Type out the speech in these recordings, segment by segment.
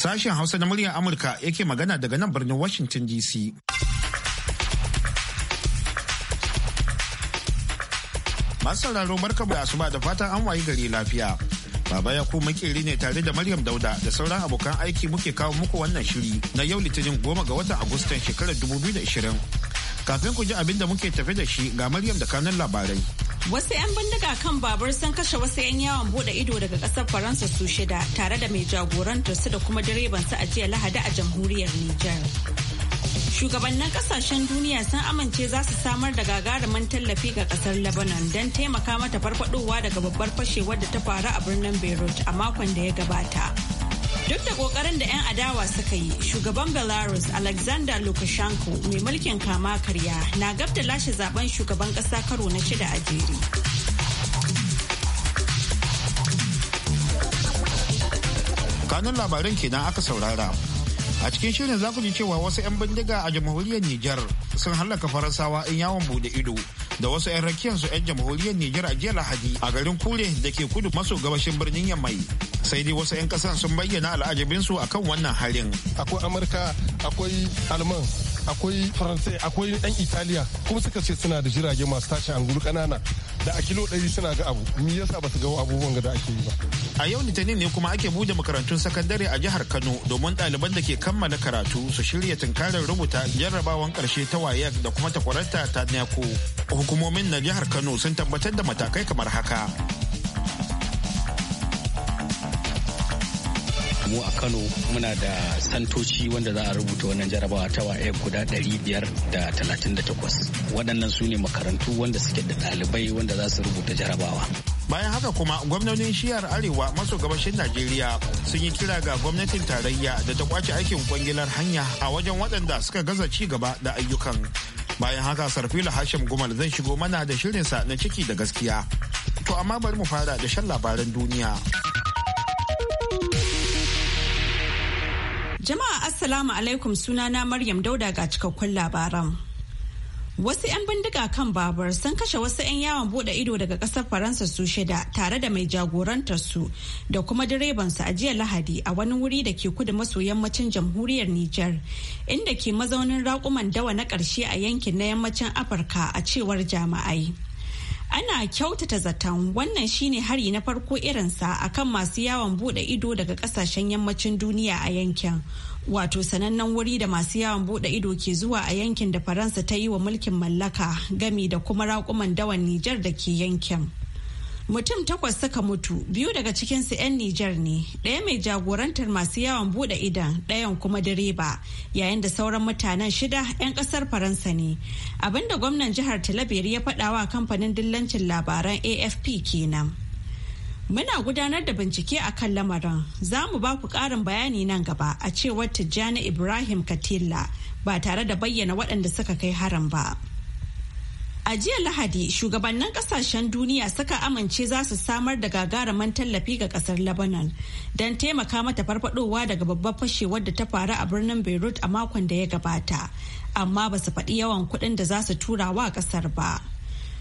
Sashen Hausa na muryar Amurka yake magana daga nan birnin Washington DC. Masu sauraro barkamu da asuba da fatan an wayi gari lafiya. Baba ya ku makeri ne tare da Maryam Dauda da sauran abokan aiki muke kawo muku wannan shiri na yau Litinin goma ga watan Agustan shekarar 2020. Kafin ku ji abin da muke tafi da shi ga Maryam da kanan labarai. Wasu 'yan bindiga kan babur sun kashe wasu 'yan yawon bude ido daga kasar Faransa su shida tare da mai jagorantar su da kuma direban su a jiya Lahadi a jamhuriyar Nijar. Shugabannin kasashen duniya sun amince za su samar da gagarumin tallafi ga kasar Lebanon don taimaka mata farfadowa daga babbar fashewar da ta faru a birnin Beirut a makon da ya gabata. Duk da kokarin da 'yan adawa suka yi, shugaban Belarus Alexander Lukashenko mai mulkin kama karya na gab da lashe zaben shugaban ƙasa karo na shida a jere. Kanun labarin kenan aka saurara. A cikin shirin za ku ji cewa wasu 'yan bindiga a jamhuriyar Nijar sun hallaka Faransawa in yawon bude ido da wasu 'yan su 'yan jamhuriyar Nijar a jiya Lahadi a garin Kure da ke kudu maso gabashin birnin Yammai. Sai dai wasu 'yan kasan sun bayyana al'ajabin su akan wannan harin. Akwai Amurka, akwai Alman, akwai Faransai, akwai 'yan Italiya kuma suka ce suna da jirage masu tashi angulu ƙanana. da a kilo ɗari suna ga abu ni yasa ba su ga abubuwan da ake yi ba. A yau Litinin ne kuma ake buɗe makarantun sakandare a jihar Kano domin ɗaliban da ke kammala karatu su shirya tunkarar rubuta jarrabawan ƙarshe ta WAEC da kuma takwararta ta NECO. Hukumomin na jihar Kano sun tabbatar da matakai kamar haka. mu a Kano muna da santoci wanda za a rubuta wannan jarabawa ta WAEC guda ɗari biyar da 538. Waɗannan su ne makarantu wanda suke da ɗalibai wanda za su rubuta jarabawa. Bayan haka kuma gwamnonin shiyar Arewa maso gabashin Najeriya sun yi kira ga gwamnatin tarayya da ta kwace aikin kwangilar hanya a wajen waɗanda suka gaza ci gaba da ayyukan. Bayan haka Sarfila Hashim Gumal zai shigo mana da shirinsa na ciki da gaskiya. To amma bari mu fara da shan labaran duniya. Jama'a Assalamu alaikum sunana Maryam Dauda ga cikakkun labaran. Wasu 'yan bindiga kan babur sun kashe wasu 'yan yawon bude ido daga kasar Faransa su shida tare da mai jagorantar su da kuma direbansu a jiya Lahadi a wani wuri da ke kudu maso yammacin jamhuriyar Nijar inda ke mazaunin raƙuman dawa na ƙarshe a yankin na yammacin Afirka a cewar jama'ai. ana kyautata zaton wannan shine hari na farko irinsa akan masu yawon bude ido daga kasashen yammacin duniya a yankin wato sanannen wuri da masu yawon bude ido ke zuwa a yankin da faransa ta yi wa mulkin mallaka gami da kuma raƙuman dawan nijar da ke yankin mutum takwas suka mutu biyu daga cikinsu 'yan nijar ne ɗaya mai jagorantar masu yawon buɗe idan ɗayan kuma direba yayin da sauran mutanen shida 'yan ƙasar faransa ne abinda gwamnan jihar talabiri ya faɗawa kamfanin dillancin labaran afp kenan muna gudanar da bincike a kan lamarin za mu ba ku ƙarin bayani nan gaba a cewar tijjani ibrahim katilla ba tare da bayyana waɗanda suka kai haram ba. A jiya Lahadi, shugabannin kasashen duniya suka amince za su samar da gagaraman tallafi ga kasar Lebanon don taimaka mata farfadowa daga babbar fashewar da ta faru a birnin Beirut a makon da ya gabata, amma ba su faɗi yawan kuɗin da za su tura wa kasar ba.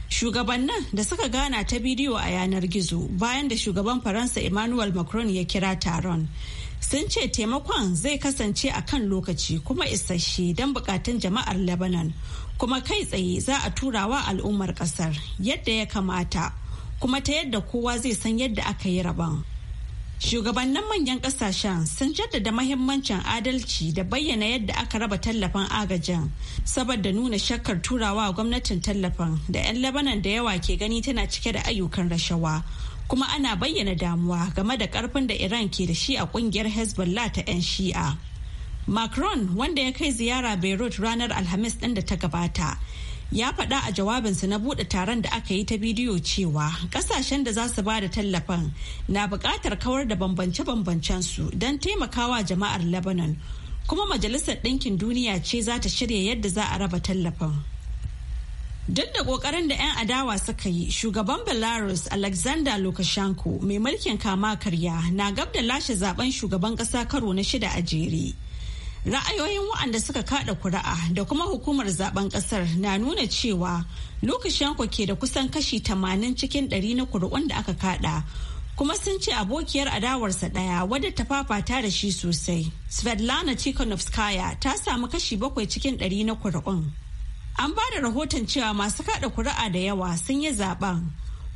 Shugabannin da suka gana ta bidiyo a yanar gizo bayan da shugaban Faransa Emmanuel Macron ya kira taron. sun ce taimakon zai kasance a kan lokaci kuma isasshe don bukatun jama'ar lebanon kuma kai tsaye za a turawa al'ummar kasar yadda ya kamata kuma ta yadda kowa zai san yadda aka yi rabon shugabannin manyan kasashen sun jaddada mahimmancin adalci da bayyana yadda aka raba tallafin agajin saboda nuna shakkar turawa gwamnatin tallafin da 'yan labanan da yawa ke gani tana cike da ayyukan rashawa kuma ana bayyana damuwa game da karfin da iran ke da shi a kungiyar hezbollah ta 'yan shi'a macron wanda ya kai ziyara beirut ranar alhamis ɗin da ta gabata ya faɗa a jawabinsa na buɗe taron da aka yi ta bidiyo cewa ƙasashen da za su ba da tallafin na buƙatar kawar da bambance bambancen su don taimakawa jama'ar lebanon kuma majalisar ɗinkin duniya ce za ta shirya yadda za a raba tallafin Duk da kokarin da 'yan adawa suka yi, shugaban Belarus Alexander Lukashenko mai mulkin kama karya na gab da lashe zaben shugaban kasa karo na shida a jere. Ra'ayoyin wa'anda suka kada kura'a da kuma hukumar zaben kasar na nuna cewa Lukashenko ke da kusan kashi tamanin cikin 100 na kuri'un da aka kada. kuma sun ce abokiyar adawarsa ɗaya wadda ta fafata da shi sosai. Svetlana Tikhonovskaya ta samu kashi bakwai cikin ɗari na kuri'un. An ba da rahoton cewa masu kada kuri'a da yawa sun yi zaben.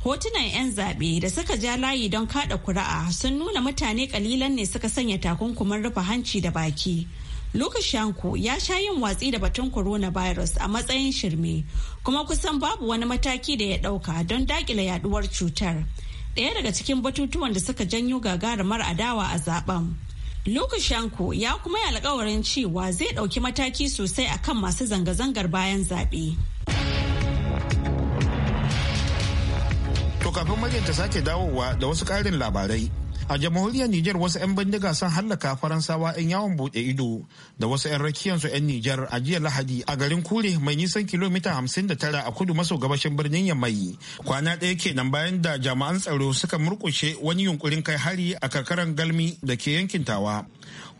Hotunan 'yan zaɓe da suka ja layi don kada kuri'a sun nuna mutane kalilan ne suka sanya takunkumin rufe hanci da baki. Lokacin ya sha yin watsi da batun coronavirus a matsayin shirme kuma kusan babu wani mataki da ya ɗauka don daƙile yaduwar cutar. Ɗaya daga cikin batutuwan da suka janyo gagarumar adawa a zaben. Lukashenko ya kuma yi alkawarin cewa zai ɗauki mataki sosai akan masu zanga-zangar bayan zaɓe. To kafin ta sake dawowa da wasu ƙarin labarai. A jamhuriyar niger wasu 'yan bindiga sun hallaka Faransawa 'yan yawon bude ido da wasu 'yan rakiyarsu 'yan niger a jiya Lahadi a garin Kure mai nisan kilomita hamsin da tara a kudu maso gabashin birnin Yamai. Kwana ɗaya kenan bayan da jami'an tsaro suka murkushe wani yunkurin kai hari a kakarar Galmi da ke yankin Tawa.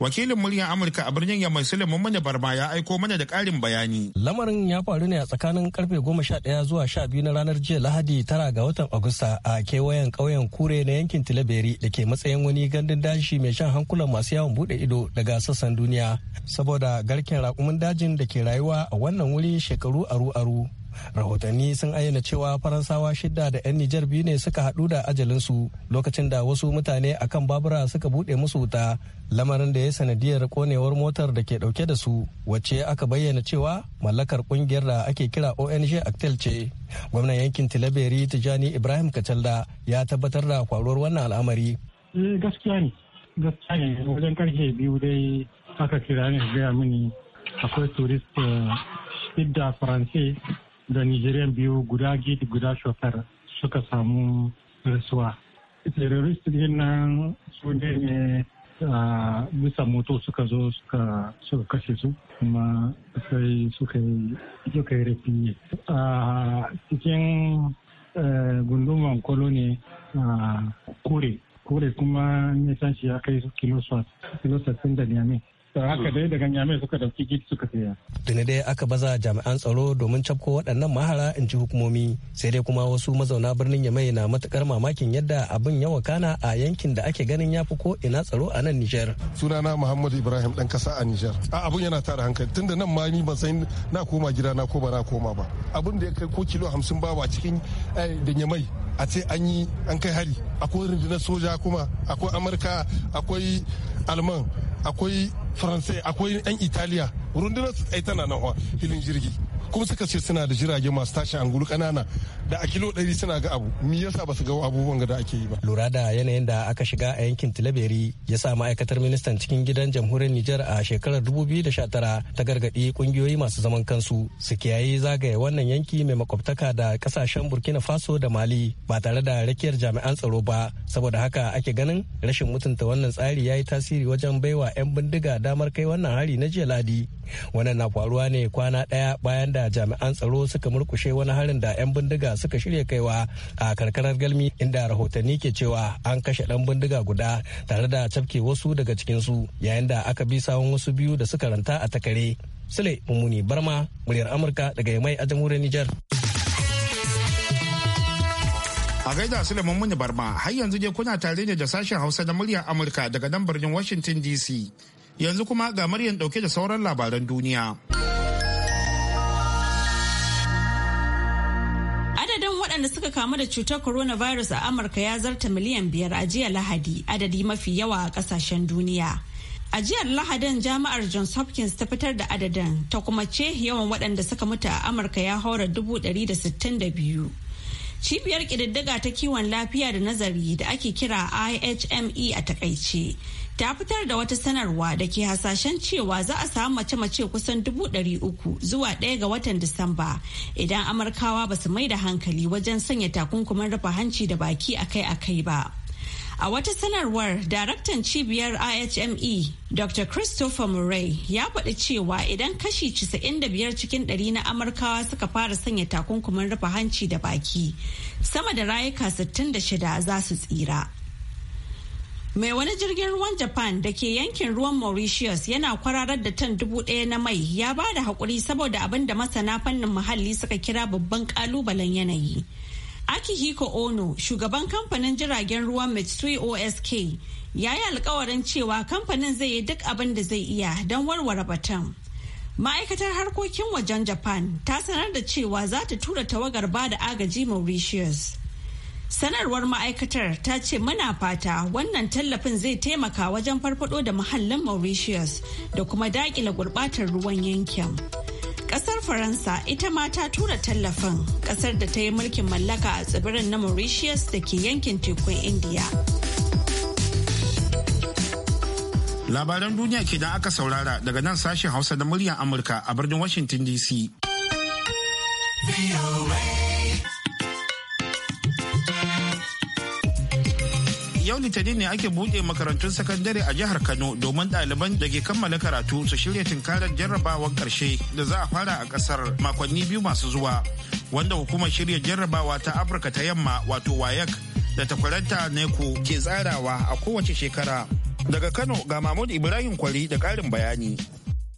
wakilin muryar amurka a birnin yamai suleiman mana barma ya aiko mana da karin bayani lamarin ya faru ne a tsakanin karfe 11 zuwa 12 na ranar jiya lahadi tara ga watan agusta a kewayen ƙauyen kure na yankin tilaberi da ke matsayin wani gandun dashi mai shan hankulan masu yawon bude ido daga sassan duniya saboda garken rakumin dajin da ke rayuwa a wannan wuri shekaru aru-aru rahotanni sun ayyana cewa faransawa shidda da 'yan nijar biyu ne suka haɗu da ajalinsu lokacin da wasu mutane a kan babura suka buɗe musu wuta lamarin da ya sanadiyar konewar motar da ke ɗauke da su wacce aka bayyana cewa mallakar ƙungiyar da ake kira ong actel ce gwamnan yankin tilaberi tijani ibrahim kacalda ya tabbatar da kwaruwar wannan al'amari eh, gaskiya ne wajen karfe biyu dai aka kira ne gaya mini akwai turist eh, shidda faransi da nigerian biyu guda gidi guda shofar suka samu rasuwa terrorist din nan su ne a bisa moto suka zo suka kashe su kuma sai suka yi yi. a cikin eh, gunduman kolo ne a kore kore kuma nisan shi ya kai kilo 60 da niamey ta haka dai daga nyamai suka dauki suka saya. Tuni dai aka baza jami'an tsaro domin cafko waɗannan mahara in ji hukumomi sai dai kuma wasu mazauna birnin yamai na matukar mamakin yadda abin ya wakana a yankin da ake ganin ya fi ko ina tsaro a nan Nijar. Sunana Muhammadu Ibrahim dan ƙasa a Nijar. A abun yana tara hankali tunda nan ma ni ban san na koma gida na ko ba na koma ba. Abun da ya kai ko kilo hamsin ba a cikin eh, da yamai a ce an yi an kai hari akwai rundunar soja kuma akwai amurka akwai alman akwai faransai akwai yan italiya rundunar su tsaye tana nan filin jirgi kuma suka ce suna da jirage masu tashin angulu kanana da a kilo ɗari suna ga abu mi yasa ba su ga abubuwan da ake yi ba lura da yanayin da aka shiga a yankin tilaberi ya sa ma'aikatar ministan cikin gidan jamhuriyar Nijar a shekarar da 2019 ta gargaɗi ƙungiyoyi masu zaman kansu su kiyaye zagaye wannan yanki mai makwabtaka da kasashen Burkina Faso da Mali ba tare da rakiyar jami'an tsaro ba saboda haka ake ganin rashin mutunta wannan tsari ya yi tasiri wajen baiwa 'yan bindiga damar kai wannan hari na jiya ladi wannan na faruwa ne kwana ɗaya bayan da jami'an tsaro suka murkushe wani harin da 'yan bindiga suka shirya kaiwa a karkarar galmi inda rahotanni ke cewa an kashe ɗan bindiga guda tare da cafke wasu daga cikinsu yayin da aka bi sawun wasu biyu da suka ranta a takare sule mummuni barma muryar amurka daga yamai a jamhuriyar niger a gaida sule mummuni barma har yanzu dai kuna tare ne da sashen hausa da muryar amurka daga nan birnin washington dc Yanzu kuma ga Maryam ɗauke da sauran labaran duniya. Adadin waɗanda suka kamu da cutar coronavirus a Amurka ya zarta miliyan biyar a jiya Lahadi, adadi mafi yawa a ƙasashen duniya. A jiyar Lahadin jami'ar Johns Hopkins ta fitar da adadin ta kuma ce yawan waɗanda suka mutu a Amurka ya haura dubu ɗari da sittin da biyu. Cibiyar ƙididdiga ta kiwon lafiya da nazari da ake kira IHME a takaice. ta fitar da wata sanarwa da ke hasashen cewa za a samu mace-mace kusan dubu ɗari uku zuwa ɗaya ga watan Disamba idan Amurkawa ba su mai da hankali wajen sanya takunkumin rufe hanci da baki akai-akai ba. A wata sanarwar daraktan cibiyar IHME Dr. Christopher Murray ya faɗi cewa idan kashi 95 cikin ɗari na Amurkawa suka fara sanya takunkumin rufe hanci da baki, sama da rayuka 66 za su tsira. Mai wani jirgin ruwan Japan da ke yankin ruwan Mauritius yana kwararar da tan dubu ɗaya na mai ya ba da haƙuri saboda abin da masana fannin muhalli suka kira babban ƙalubalen yanayi. Akihiko Ono, shugaban kamfanin jiragen ruwan Mitsui OSK, ya yi alkawarin cewa kamfanin zai yi duk abin da zai iya don warware batun. Ma'aikatar harkokin wajen Japan ta sanar da cewa za ta tura tawagar ba da agaji Mauritius. Sanarwar ma'aikatar ta ce muna fata wannan tallafin zai taimaka wajen farfado da muhallin Mauritius da kuma daƙile gurbatar ruwan yankin. Faransa ita ma ta tura tallafin kasar da ta yi mulkin mallaka a tsibirin na Mauritius da ke yankin tekun indiya. Labaran duniya ke da aka saurara daga nan sashen Hausa da muryar Amurka a birnin Washington DC. yau litinin ne ake buɗe makarantun sakandare a jihar kano domin ɗaliban da ke kammala karatu su shirya tunkarar jarrabawar ƙarshe da za a fara a ƙasar makonni biyu masu zuwa wanda hukumar shirya jarrabawa ta afirka ta yamma wato wayak da takwaranta neko ke tsarawa a kowace shekara daga kano ga mahmud ibrahim kwari da ƙarin bayani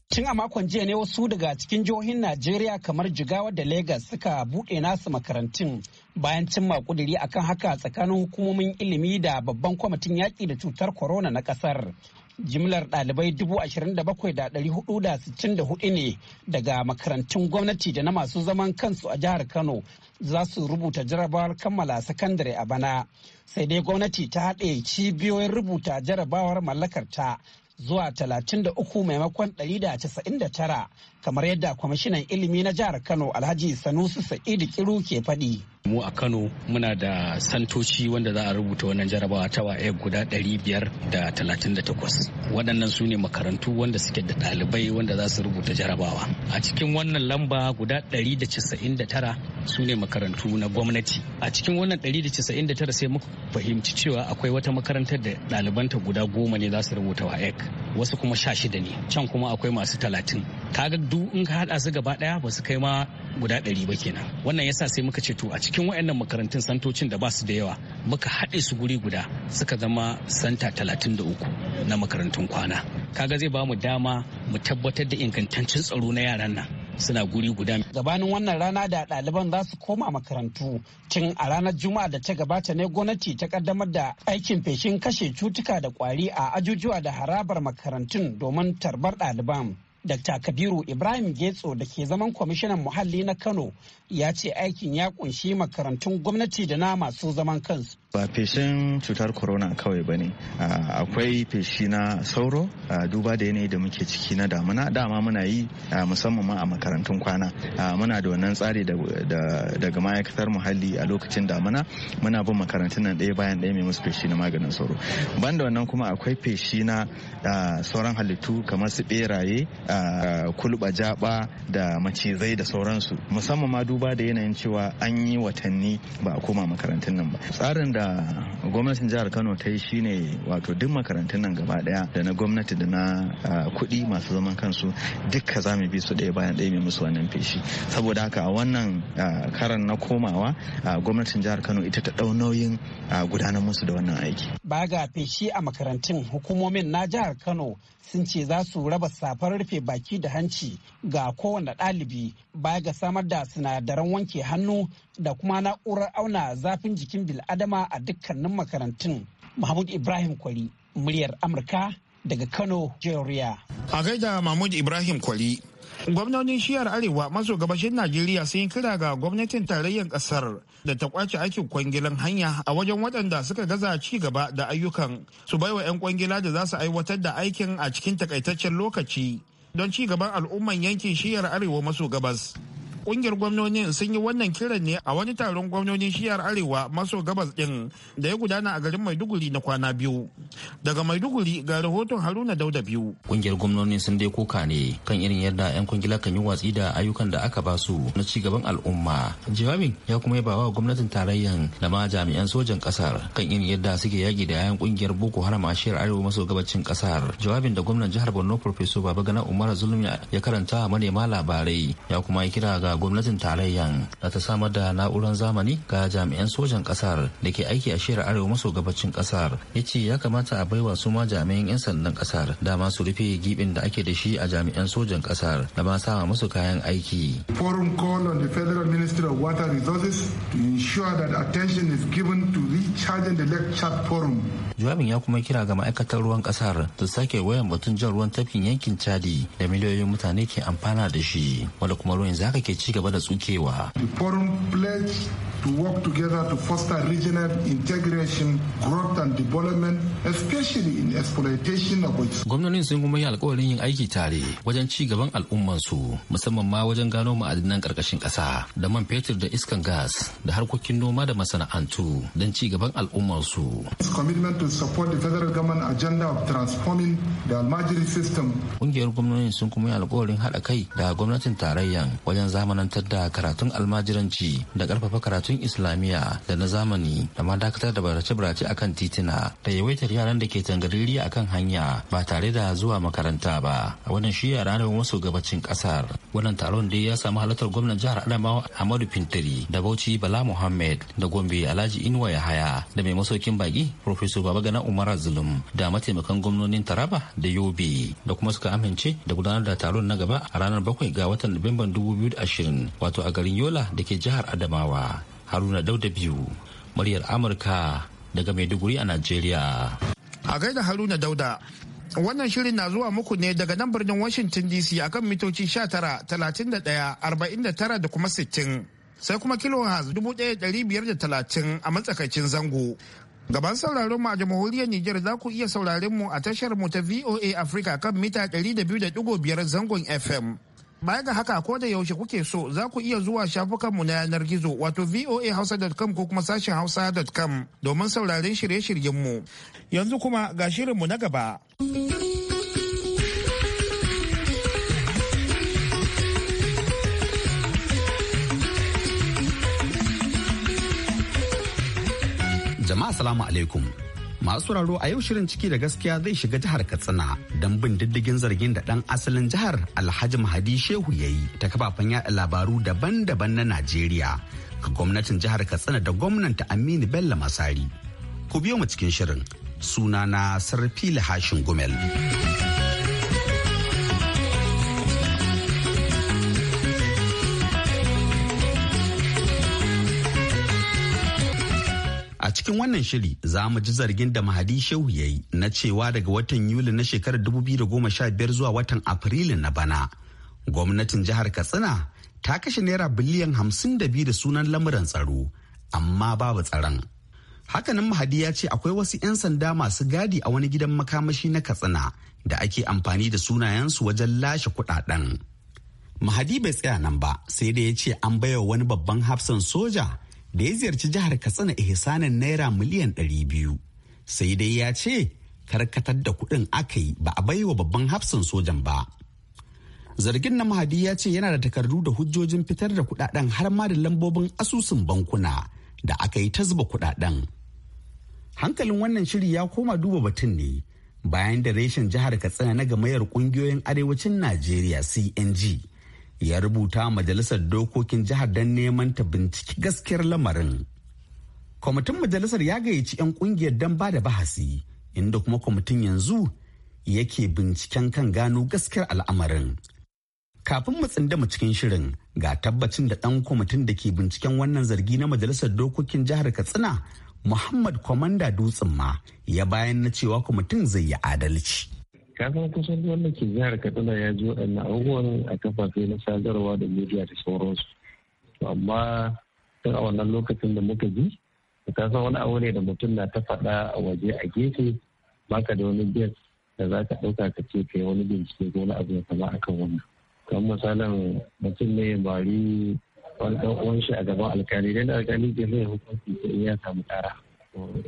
Tun a makon jiya ne wasu daga cikin jihohin Najeriya kamar Jigawa da Legas suka buɗe nasu makarantun bayan cimma kuduri akan haka tsakanin hukumomin ilimi da babban kwamitin yaƙi da cutar corona na ƙasar. Jimlar ɗalibai hudu ne daga makarantun gwamnati da na masu zaman kansu a jihar Kano za su rubuta jarabawar kammala sakandare a bana. Sai dai gwamnati ta haɗe cibiyoyin rubuta jarabawar mallakarta zuwa 33 maimakon 199 kamar yadda kwamishinan ilimi na jihar kano alhaji sanusi sa'idu kiru ke faɗi. mu a kano muna da santoci wanda za a rubuta wannan jarabawa ta waye guda 538 waɗannan su ne makarantu wanda suke da ɗalibai wanda za su rubuta jarabawa a cikin wannan lamba guda 199 su ne makarantu na gwamnati a cikin wannan 199 sai muka fahimci cewa akwai wata makarantar da ɗalibanta guda goma ne za su rubuta waye wasu kuma sha shida ne can kuma akwai masu talatin kaga duk in ka hada su gaba daya ba su kai ma guda ɗari ba kenan wannan yasa sai muka ce to a cikin wayannan makarantun santocin da ba su da yawa muka haɗe su guri guda suka zama santa talatin da uku na makarantun kwana kaga zai ba mu dama mu tabbatar da ingantaccen tsaro na yaran nan suna guri guda gabanin wannan rana da ɗaliban za su koma makarantu tun a ranar juma'a da ta gabata ne gwamnati ta kaddamar da aikin feshin kashe cutuka da kwari a ajujuwa da harabar makarantun domin tarbar ɗaliban Dr. Kabiru Ibrahim Getso da ke zaman kwamishinan muhalli na Kano ya ce aikin ya kunshi makarantun gwamnati da na masu zaman kansu. Ba feshin cutar corona kawai ba ne, akwai feshi na sauro duba da yanayi da muke ciki na damuna dama muna yi musamman ma a makarantun kwana. Muna da wannan tsari daga ma'aikatar muhalli a lokacin damuna muna bin makarantun nan daya bayan ɗaya mai musu feshi na maganin sauro. Banda wannan kuma akwai feshi na sauran halittu kamar su beraye kulba jaba da macizai da sauransu musamman ma duba da yanayin cewa an yi watanni ba a koma makarantun nan ba tsarin da gwamnatin jihar kano ta yi shine wato duk makarantun nan gaba daya da na gwamnati da na kuɗi masu zaman kansu dukka za mu bi su daya bayan ɗaya mai musu wannan feshi saboda haka a wannan karan na komawa gwamnatin jihar kano ita ta ɗau nauyin gudanar musu da wannan aiki ba ga feshi a makarantun hukumomin na jihar kano sun ce za su raba safar rufe baki da hanci ga kowane ɗalibi ba ga samar da sinadarai sinadaran wanke hannu da kuma na'urar auna zafin jikin bil'adama a dukkanin makarantun mahmud ibrahim kwari muryar amurka daga kano georgia a gaida mahmud ibrahim kwali gwamnonin shiyar arewa maso gabashin najeriya sun yi kira ga gwamnatin tarayyar kasar da ta kwace aikin kwangilan hanya a wajen waɗanda suka gaza ci gaba da ayyukan su baiwa 'yan kwangila da za su aiwatar da aikin a cikin takaitaccen lokaci don ci gaban al'umman yankin shiyar arewa maso gabas kungiyar gwamnonin sun yi wannan kiran ne a wani taron gwamnonin shiyar arewa maso gabas din da ya gudana a garin maiduguri na kwana biyu daga maiduguri ga rahoton haruna dauda biyu kungiyar gwamnoni sun dai koka ne kan irin yadda yan kungila kan yi watsi da ayyukan da aka basu na ci gaban al'umma jawabin ya kuma yaba wa gwamnatin tarayyan da ma jami'an sojan kasar kan irin yadda suke yaki da 'yan kungiyar boko haram a shiyar arewa maso gabacin kasar jawabin da gwamnan jihar borno professor Gana umar zulmi ya karanta manema labarai ya kuma kira ga da gwamnatin tarayyan da ta samar da na'urar zamani ga jami'an sojan kasar da ke aiki a shirar arewa maso gabacin kasar ya ce ya kamata a baiwa su ma jami'an 'yan sandan kasar dama su rufe gibin da ake da shi a jami'an sojan kasar da ma sama musu kayan aiki. Forum call on the Federal Ministry of Water Resources to ensure that attention is given to recharging the Lake Forum. Jawabin ya kuma kira ga ma'aikatar ruwan kasar da sake wayan batun jan ruwan tafkin yankin Chadi da miliyoyin mutane ke amfana da shi wanda kuma ruwan zaka ke ci. ci gaba da tsukewa. The forum pledge to work together to foster regional integration, growth and development, especially in exploitation of its. Gwamnonin sun kuma yi alkawarin yin aiki tare wajen ci gaban al'ummansu musamman ma wajen gano ma'adinan karkashin ƙasa da man fetur da iskan gas da harkokin noma da masana'antu don ci gaban al'ummarsu. Its commitment to support the federal government agenda of transforming the almajiri system. Ƙungiyar gwamnonin sun kuma yi alkawarin haɗa kai da gwamnatin tarayyan wajen zamana zamanantar da karatun almajiranci da karfafa karatun islamiyya da na zamani da ma dakatar da barace-barace akan titina da yawaitar yaran da ke tangariri akan hanya ba tare da zuwa makaranta ba a wannan shi yara arewa maso gabacin kasar wannan taron da ya samu halartar gwamnan jihar adamawa ahmadu fintiri da bauchi bala muhammed da gombe alhaji inuwa yahaya da mai masaukin baki baba gana umar zulum da mataimakan gwamnonin taraba da yobe da kuma suka amince da gudanar da taron na gaba a ranar bakwai ga watan nuwamban ashirin. wato a garin yola da ke jihar adamawa haruna dauda biyu muryar amurka daga maiduguri a najeriya a gaida haruna dauda wannan shirin na zuwa muku ne daga nan birnin washington dc akan mitoci 19 31 49 da kuma 60 sai kuma kilohertz 1530 a matsakaicin zango Gaban sauraron mu a jamhuriyar Nijar za ku iya sauraron mu a tashar mu ta VOA Africa kan mita 200.5 zangon FM. Baya ga haka ko da yaushe kuke so za ku iya zuwa shafukanmu na yanar gizo wato voahausa.com ko kuma sashen hausa.com domin sauraren shirye mu. Yanzu kuma ga shirinmu na gaba. Jama'a salamu alaikum. masu sauraro a yau shirin ciki da gaskiya zai shiga jihar katsina don bin diddigin zargin da dan asalin jihar alhaji mahadi shehu ya yi ta kafafen yada labaru daban-daban na najeriya ga gwamnatin jihar katsina da gwamnanta aminu bello masari ku biyo mu cikin shirin sunana sarfili hashin gumel. cikin wannan shiri za mu ji zargin da Mahadi Shehu ya yi na cewa daga watan Yuli na shekarar 2015 zuwa watan Afrilu na bana. Gwamnatin jihar Katsina ta kashe naira biliyan 52 da sunan lamuran tsaro, amma babu tsaron. Hakanan Mahadi ya ce akwai wasu 'yan sanda masu gadi a wani gidan makamashi na Katsina da ake amfani da sunayensu wajen lashe kudaden. Mahadi bai tsaya nan ba sai da ya ce an baiwa wani babban hafsan soja da ya ziyarci jihar katsina ihsanin naira miliyan ɗari biyu. sai dai ya ce karkatar da kuɗin aka yi ba a baiwa babban hafsan sojan ba zargin na mahadi ya ce yana da takardu da hujjojin fitar da kuɗaɗen har ma da lambobin asusun bankuna da aka yi ta zuba kuɗaɗen hankalin wannan shiri ya koma duba batun ne bayan da reshen jihar katsina na gamayar ƙungiyoyin arewacin najeriya cng ya rubuta majalisar dokokin jihar don neman ta binciki gaskiyar lamarin kwamitin majalisar ya gayyaci 'yan kungiyar don ba da bahasi inda kuma kwamitin yanzu yake binciken kan gano gaskiyar al'amarin kafin mu tsinda mu cikin shirin ga tabbacin da ɗan kwamitin da ke binciken wannan zargi na majalisar dokokin jihar katsina muhammad kwamanda dutsen ma ya bayan na cewa kwamitin zai yi adalci kasan kusan wanda ke jihar kaduna ya ji waɗannan abubuwan a kafafe na sadarwa da media da sauransu amma tun a wannan lokacin da muka ji ka san wani aure da mutum na ta faɗa a waje a gefe baka da wani biyan da za ka ɗauka ka ce kai wani bincike ko wani abu ya kama akan wannan kan misalin mutum ne bari wani ɗan uwan shi a gaban alkali dan alkali ke zai hukunci ta in ya samu ɗara.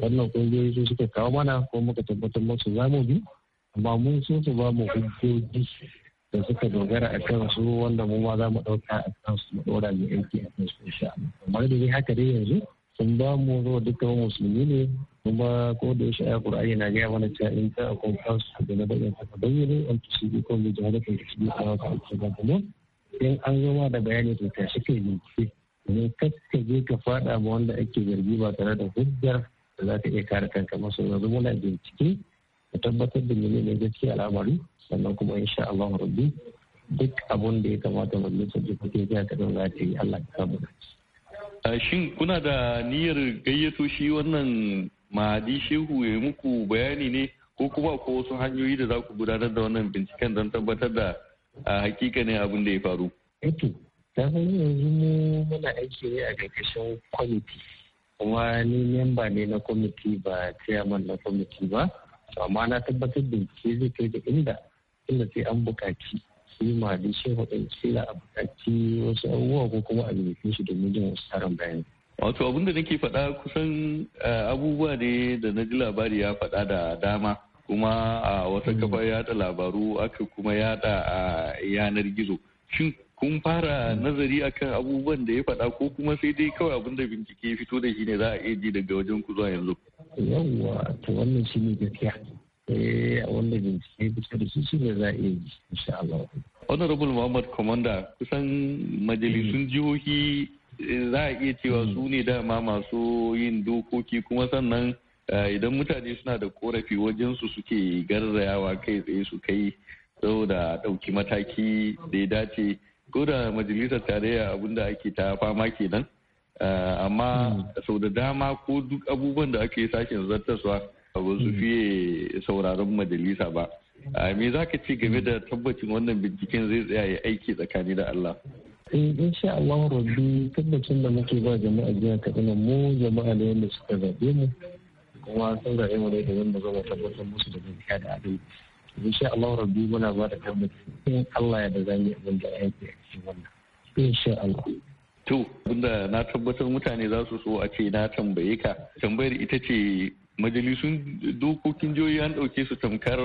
wannan kungiyoyi su suka kawo mana ko muka tabbatar musu zamu bi amma mun so su ba mu hujjoji da suka dogara a kan su wanda mu ma za mu ɗauka a kan su mu ɗora mu aiki a kan su insha Allah amma da dai haka dai yanzu sun ba mu zo duka musulmi ne kuma ko da yaushe a ayi na gaya mana cewa in ta akwai kansu da na bayyana ta ne an ci shi ko mu jihar da ta shi a wata aiki ga kuma in an zama da bayani to ta shi kai bincike ne kaska je ka fada ma wanda ake zargi ba tare da hujjar da za ka iya kare kanka masu yanzu muna bincike da tabbatar da mene ne gaskiya al'amari sannan kuma insha Allah rabbi duk abun da ya kamata majalisar jihohi ya ta za ta yi Allah ta samu shin kuna da niyyar gayyato shi wannan mahadi shehu ya yi muku bayani ne ko kuma ko wasu hanyoyi da za ku gudanar da wannan binciken don tabbatar da a hakika ne abin da ya faru eto eh ta yanzu mu muna aiki ne a ƙarƙashin kwamiti kuma ni memba ne na kwamiti ba chairman na kwamiti ba to amma na tabbatar da ke zai kai da inda inda sai an buƙaci ma da shehu ɗin kila a buƙaci wasu abubuwa ko kuma a zurfin shi domin jin wasu taron bayani. wato abin da nake faɗa kusan eh, abubuwa ne da na ji labari ya faɗa da dama kuma a wata hmm. kafar yada labaru aka kuma yada a yanar gizo shin kun fara hmm. nazari akan abubuwan da ya faɗa ko kuma sai dai kawai abin da bincike fito da shi ne za a iya ji daga wajen ku zuwa yanzu yawwa to wannan shi ne gaskiya eh wanda bincike bisa da su shi za a iya insha Allah honorable muhammad Komanda kusan majalisun hmm. jihohi eh, za a iya cewa hmm. su ne dama masu yin dokoki kuma sannan eh, idan mutane suna da korafi su suke garzayawa kai tsaye su kai saboda ɗauki mataki da ya dace ko da majalisar tarayya abinda ake ta fama kenan Eh, amma hmm. sau da dama ko duk abubuwan da ake sashen zartaswa ba su hmm. fiye sauraron majalisa ba eh, me za ka ce game da hmm. tabbacin wannan binciken zai tsaya ya aiki tsakani da Allah eh, in sha Allah rabbi tabbacin da muke ba jama'a jiya kaɗan mu jama'a ne yadda suka zaɓe mu kuma sun zaɓe mu da wanda zama tabbatar musu da gaskiya da adalci in sha Allah rabbi muna ba da tabbacin Allah ya da zami abin da ya aiki a cikin wannan in sha Allah To, tunda na tabbatar mutane za su so a ce na tambaye ka. Tambayar ita ce majalisun dokokin jihohi an ɗauke su tamkar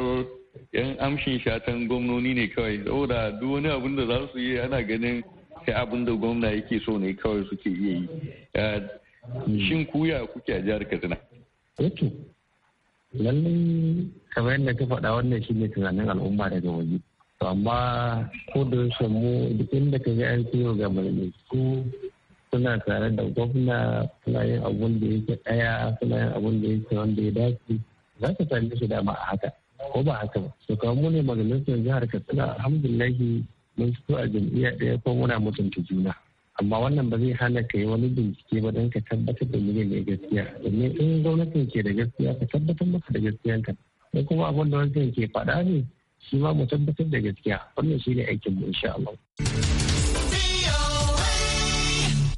'yan amshin shatan gwamnoni ne kawai. Saboda duk wani abin da za su yi ana ganin sai abin da gwamna yake so ne kawai suke iya yi. Shin kuya kuke a jihar Katsina? Eh lallai kamar yadda ka faɗa wannan shi ne tunanin al'umma daga waje. amma ko da yaushe mu duk inda ka ga an ciwo ga malamaiku suna tare da gwamna suna yin abun da yake ɗaya suna yin abun da yake wanda ya dace za ka sami shi dama a haka ko ba haka ba so kamar mu ne majalisar jihar katsina alhamdulillahi mun fito a jam'iyya ɗaya ko muna mutunta juna amma wannan ba zai hana ka yi wani bincike ba don ka tabbatar da mene ne gaskiya domin in gwamnatin ke da gaskiya ka tabbatar maka da gaskiyanka ko kuma abin da wancan ke faɗa ne shi ma mu tabbatar da gaskiya wannan shi ne aikin mu insha Allah.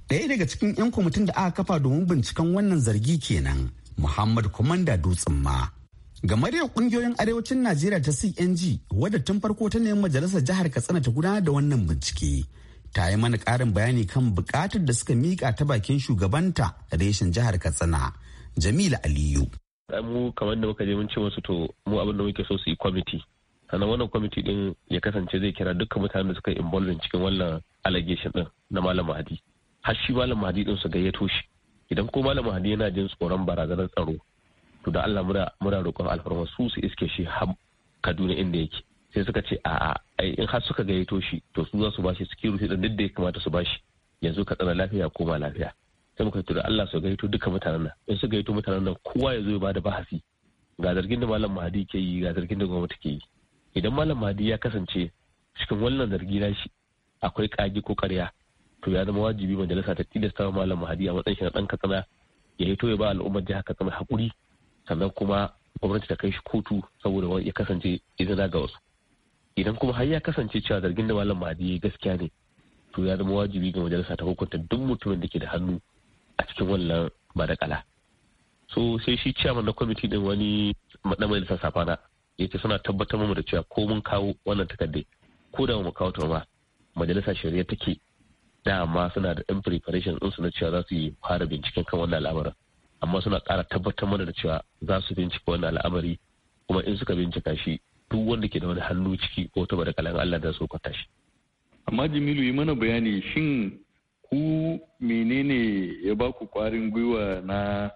Daya daga cikin 'yan kwamitin da aka kafa domin binciken wannan zargi kenan Muhammad Komanda Dutsen ma. Game da kungiyoyin arewacin Najeriya ta CNG wadda tun farko ta nemi majalisar jihar Katsina ta gudanar da wannan bincike. Ta yi mana ƙarin bayani kan buƙatar da suka miƙa ta bakin shugabanta reshen jihar Katsina, Jamilu Aliyu. mu kamar da muka je mun ce musu to mu abin da muke so su yi kwamiti sannan wannan kwamiti din ya kasance zai kira dukkan mutanen da suka yi involving cikin wannan allegation din na malam mahadi har shi malam mahadi din su gayyato shi idan ko malam mahadi yana jin tsoron barazanar tsaro to da Allah mura mura roƙon alfarma su su iske shi har Kaduna inda yake sai suka ce a ai in har suka gayyato shi to su za su bashi security din duk da ya kamata su bashi yanzu ka tsara lafiya koma lafiya sai muka tura Allah su gayyato duka mutanen nan in su gayyato mutanen nan kowa ya zo ya bada bahasi ga zargin da malam mahadi ke yi ga zargin da gwamnati ke yi idan malam madi ya kasance cikin wannan zargi na shi akwai kagi ko karya to ya zama wajibi majalisa ta tilasta wa malam madi a matsayin shi na dan katsina ya yi ya ba al'ummar jihar katsina hakuri sannan kuma gwamnati ta kai shi kotu saboda ya kasance izina ga wasu idan kuma har ya kasance cewa zargin da malam madi gaskiya ne to ya zama wajibi ga majalisa ta hukunta duk mutumin da ke da hannu a cikin wannan ba da kala so sai shi ciyaman na kwamiti din wani madan majalisar safana yace suna tabbatar mu da cewa ko mun kawo wannan takardai ko da mu kawo ta majalisa shari'a take dama suna da ɗan preparation ɗinsu na cewa za su yi fara binciken kan wannan al'amarin amma suna kara tabbatar mana da cewa za su bincika wannan al'amari kuma in suka bincika shi duk wanda ke da wani hannu ciki ko ta kalan Allah da su kwata shi. Amma Jimilu yi mana bayani shin ku menene ya ba ku ƙwarin gwiwa na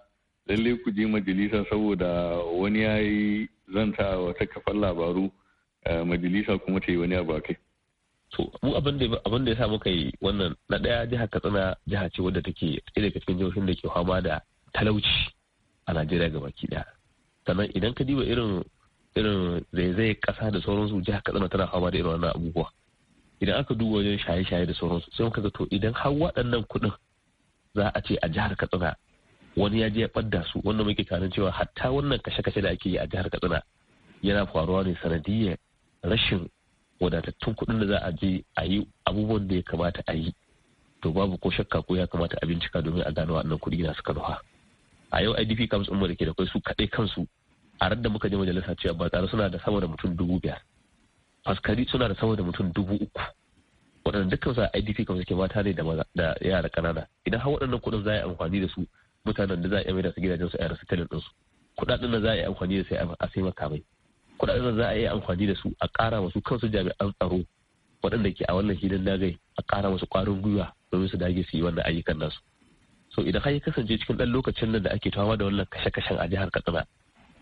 lalle ku je majalisa saboda wani ya yi zan ta wata kafar labaru majalisa kuma ta yi wani abu kai. To, mu abin da ya sa muka yi wannan na ɗaya jiha Katsina jiha ce wadda take ɗaya daga cikin jihohin da ke fama da talauci a Najeriya ga baki ɗaya. Sannan idan ka diba irin irin zaizayar ƙasa da sauransu jiha Katsina tana fama da irin wannan abubuwa. Idan aka duba wajen shaye-shaye da sauransu sai muka ga to idan har waɗannan kuɗin za a ce a jihar Katsina wani ya je ya ɓadda su wanda muke tarin cewa hatta wannan kashe-kashe da ake yi a jihar katsina yana faruwa ne sanadiyar rashin wadatattun kuɗin da za a je a yi abubuwan da ya kamata a yi to babu ko shakka ko ya kamata a bincika domin a gano wannan kuɗi na suka nuha a yau idp camps da ke da kai su kaɗai kansu a radda muka je majalisa cewa ba tsara suna da sama da mutum dubu biyar faskari suna da sama da mutum dubu uku waɗanda dukkan sa a idp camps ke mata ne da yara kanana idan har waɗannan kuɗin za a yi amfani da su mutanen da za a iya maida su gidajensu a yarasa talin ɗinsu kuɗaɗen da za a yi amfani da sai a sai makamai kuɗaɗen da za a yi amfani da su a ƙara masu kansu jami'an tsaro waɗanda ke a wannan hidin dagai a ƙara wasu ƙwarin gwiwa domin su dage su yi wannan ayyukan nasu so idan har ya kasance cikin dan lokacin nan da ake tawa da wannan kashe-kashen a jihar katsina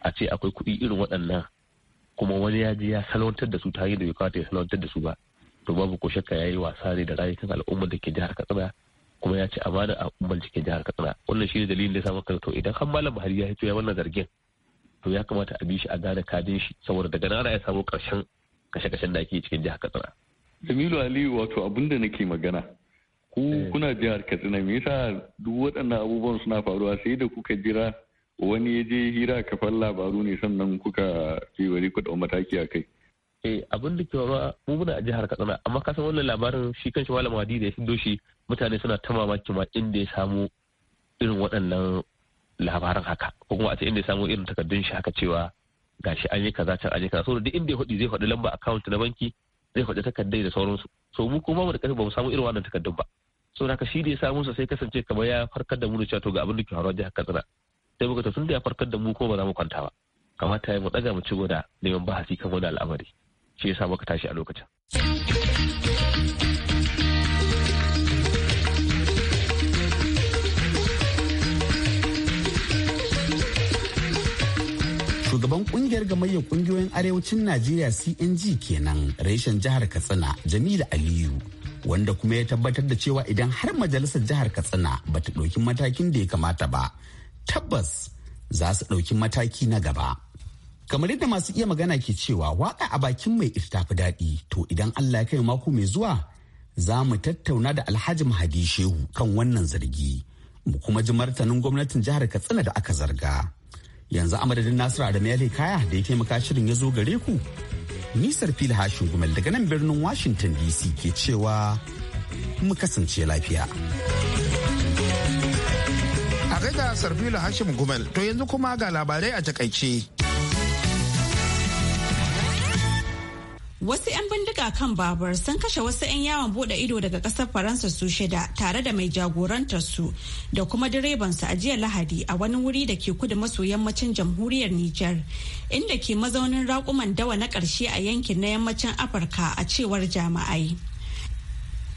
a ce akwai kuɗi irin waɗannan kuma wani ya ji ya salwantar da su ta da bai kamata ya salwantar da su ba to babu ko shakka ya yi wasa ne da rayukan al'ummar da ke jihar katsina kuma ya ci amana a bincike jihar katsina wannan shi ne dalilin da ya samu to idan har malam buhari ya fito ya wannan zargin to ya kamata a bi shi a gane kadin shi saboda daga nan ya samu karshen kashe-kashen da ake cikin jihar katsina. jamilu aliyu wato abin da nake magana ku eh. kuna jihar katsina me yasa duk waɗannan abubuwan suna faruwa sai da kuka jira wani ya je hira kafar labaru ne sannan kuka fi wani dau mataki a kai. Eh, abin da ke ba mu muna a jihar Katsina amma kasan wannan labarin shi kanshi malam Wadi da ya shindo shi mutane suna ta mamaki ma inda ya samu irin waɗannan labaran haka ko kuma a ce inda ya samu irin takardun shi haka cewa gashi an yi kaza can an yi kaza saboda duk inda ya faɗi zai faɗi lamba account na banki zai faɗi takardai da sauransu so mu kuma mu da ƙarfi ba mu samu irin wannan takardun ba saboda haka shi da ya samu sa sai kasance kamar ya farkar da mu da cewa to ga abin da ke faruwa jihar Katsina sai muka tun da ya farkar da mu ko ba za mu kwanta ba kamata ya mu daga mu ci gaba da neman bahasi kan wani al'amari shi yasa baka tashi a lokacin shugaban kungiyar gamayyar kungiyoyin arewacin najeriya cng kenan reshen jihar katsina jamilu aliyu wanda kuma ya tabbatar da cewa idan har majalisar jihar katsina ba ta ɗauki matakin da ya kamata ba tabbas za su ɗauki mataki na gaba kamar yadda masu iya magana ke cewa waka a bakin mai ita tafi daɗi to idan allah ya kai mako mai zuwa za mu tattauna da alhaji mahadi shehu kan wannan zargi mu kuma ji martanin gwamnatin jihar katsina da aka zarga yanzu amadadin nasiru adamu yale kaya da ya taimaka shirin ya zo gare ku nisar fil hashin gumel daga nan birnin washington dc ke cewa mu kasance lafiya a gaida sarfila hashim gumel to yanzu kuma ga labarai a takaice Wasu 'yan bindiga kan babur sun kashe wasu 'yan yawon bude ido daga ƙasar Faransa su shida tare da mai jagorantar su da kuma direbansu a jiya Lahadi a wani wuri da ke kudu maso yammacin jamhuriyar Nijar inda ke mazaunin raƙuman dawa na ƙarshe a yankin na yammacin Afirka a cewar jama'ai.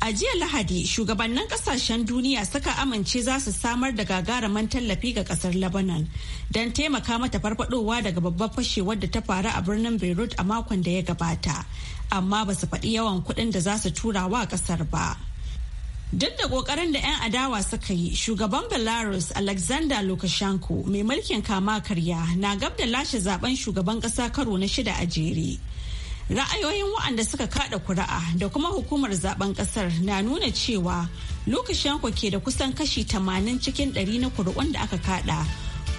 A jiya Lahadi, shugabannin kasashen duniya suka amince za su samar da gagaraman tallafi ga kasar Lebanon don taimaka mata farfadowa daga babbar fashewar da ta faru a birnin Beirut a makon da ya gabata, amma ba su faɗi yawan kuɗin da za su tura wa kasar ba. Duk da ƙoƙarin da 'yan adawa suka yi, shugaban Belarus Alexander Lukashenko mai mulkin kama karya na gab da lashe zaben shugaban ƙasa karo na shida a jere. ra'ayoyin waɗanda suka kada kuri'a da kuma hukumar zaben kasar na nuna cewa lokacin ku ke da kusan kashi 80 cikin 100 na kuri'un da aka kada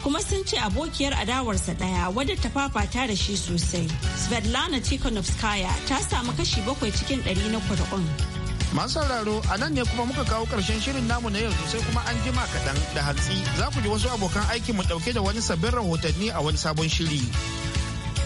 kuma sun ce abokiyar adawarsa ɗaya wadda ta fafata da shi sosai svetlana tikhonovskaya ta samu kashi 7 cikin 100 na kuri'un masu sauraro a nan ne kuma muka kawo karshen shirin namu na yanzu sai kuma an jima kaɗan da hantsi za ku ji wasu abokan aikin mu ɗauke da wani sabbin rahotanni a wani sabon shiri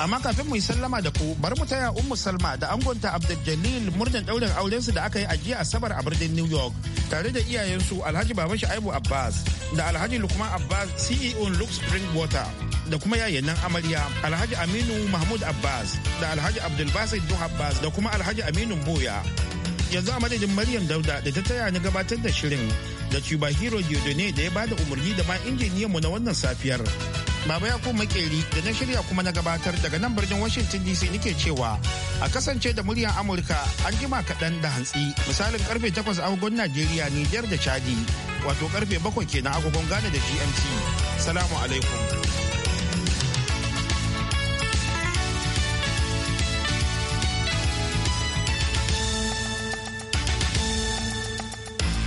amma kafin mu yi sallama da ku bari mu taya ummu salma da angonta abdul jalil murjan daurin auren su da aka yi a jiya asabar a birnin new york tare da iyayensu alhaji baba shaibu abbas da alhaji lukman abbas ceo lux spring water da kuma yayin nan amarya alhaji aminu mahmud abbas da alhaji abdulbasir duh abbas da kuma alhaji aminu boya yanzu a madadin maryam dauda da ta taya ni gabatar da shirin da cuba hero diodone da ya bada umarni da ma mu na wannan safiyar Baba Yakub Makeri da na shirya kuma na gabatar daga nan birnin Washington DC nake cewa a kasance da muryar Amurka an jima kaɗan da hantsi misalin karfe 8 agogon Najeriya Nijar da Chadi wato karfe 7 kenan agogon Ghana da GMT. Salamu alaikum.